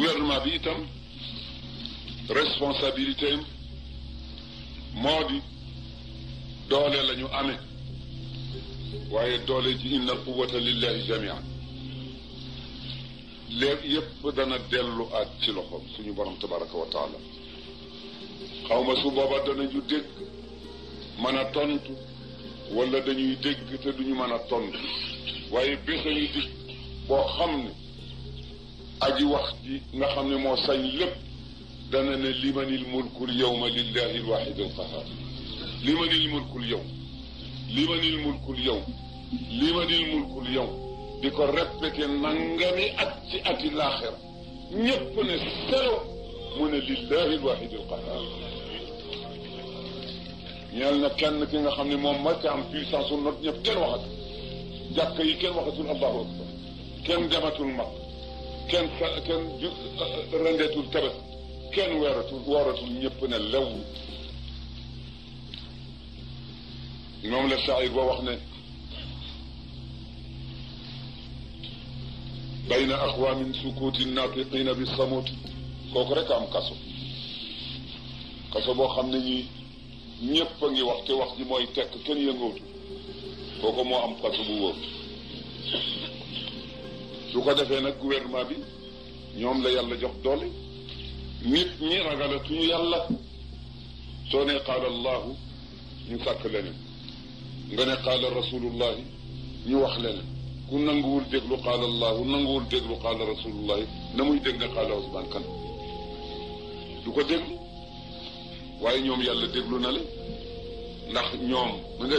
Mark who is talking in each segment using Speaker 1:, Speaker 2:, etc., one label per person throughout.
Speaker 1: gouvernement bi itam responsabilité am moo di doole la ñu amee waaye doole ji inna quwata lillahi jamia léegi yépp dana dellu ak ci loxom suñu borom tabaraka wa taala xaw ma su booba danañu dégg mën a tontu wala dañuy dégg te duñu mën a tontu waaye bés a ñu dig boo xam ne aji wax ji nga xam ne moo sañ lépp dana ne limanil mulkul yowma lillahi alwahid alqahar limanil mulkul yow limanil mulkul yow limanil mulkul yow di ko répété nangami ak ci ati laaxira ñépp ne selo mu ne lillahi alwahid alqahar ñeel na kenn ki nga xam ne moom mooy ka am puissance u not ñëpp kenn waxat jàkk yi kenn waxatul allahu akbar kenn dematul mag كان كان رندت التبت كان وارت وارت يبنا اللو المهم لا سعيد ووحنا بين أخوة من سكوت الناطقين بالصمت كوك رك أم كسو كسو بو خمني نيبني وقت وقت ما يتك كن ينقول كوك ما أم كسو بو su ko defee nag gouvernement bi ñoom la yàlla jox doole nit ñi ragalatuñu yàlla soo ne qaala allahu ñu sàkk leneen nga ne qaala rasulullahi ñu wax leneen ku nanguwul déglu qaala allahu nanguwul déglu qaala rasulullahi na muy dégg ne qaala Ousmane kan du ko déglu waaye ñoom yàlla déglu na la ndax ñoom mu nga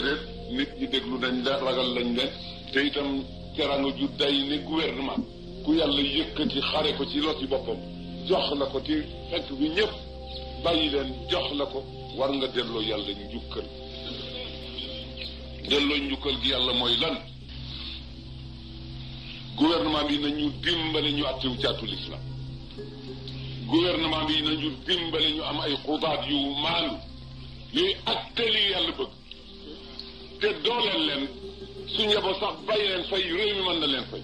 Speaker 1: nit ñi déglu na la ragal lañ leen te teranga ju day ni gouvernement ku yàlla yëkkati xare ko ci loot loti boppam jox la ko ci fekk bi ñëpp bàyyi leen jox la ko war nga delloo yàlla njukkal delloo njukkal gi yàlla mooy lan gouvernement bi nañu dimbale ñu attew caatu l'islam gouvernement na nañu dimbale ñu am ay xubaat yu maanu yuy atte li yàlla bëgg te dooleel leen su yeboo sax bàyyi leen fay réew mi mën na leen fay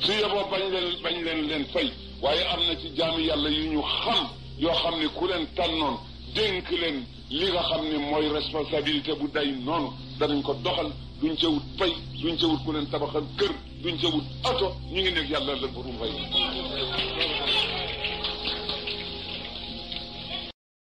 Speaker 1: su yeboo bañ leen bañ leen leen fay waaye am na ci jaami yàlla yu ñu xam yoo xam ne ku leen noon tànnoon dénk leen li nga xam ne mooy responsabilité bu day noonu danañ ko doxal duñ ca wut pay duñ ca ku leen tabaxal kër duñ ca wut oto ñu ngi nekk yàlla la borom fay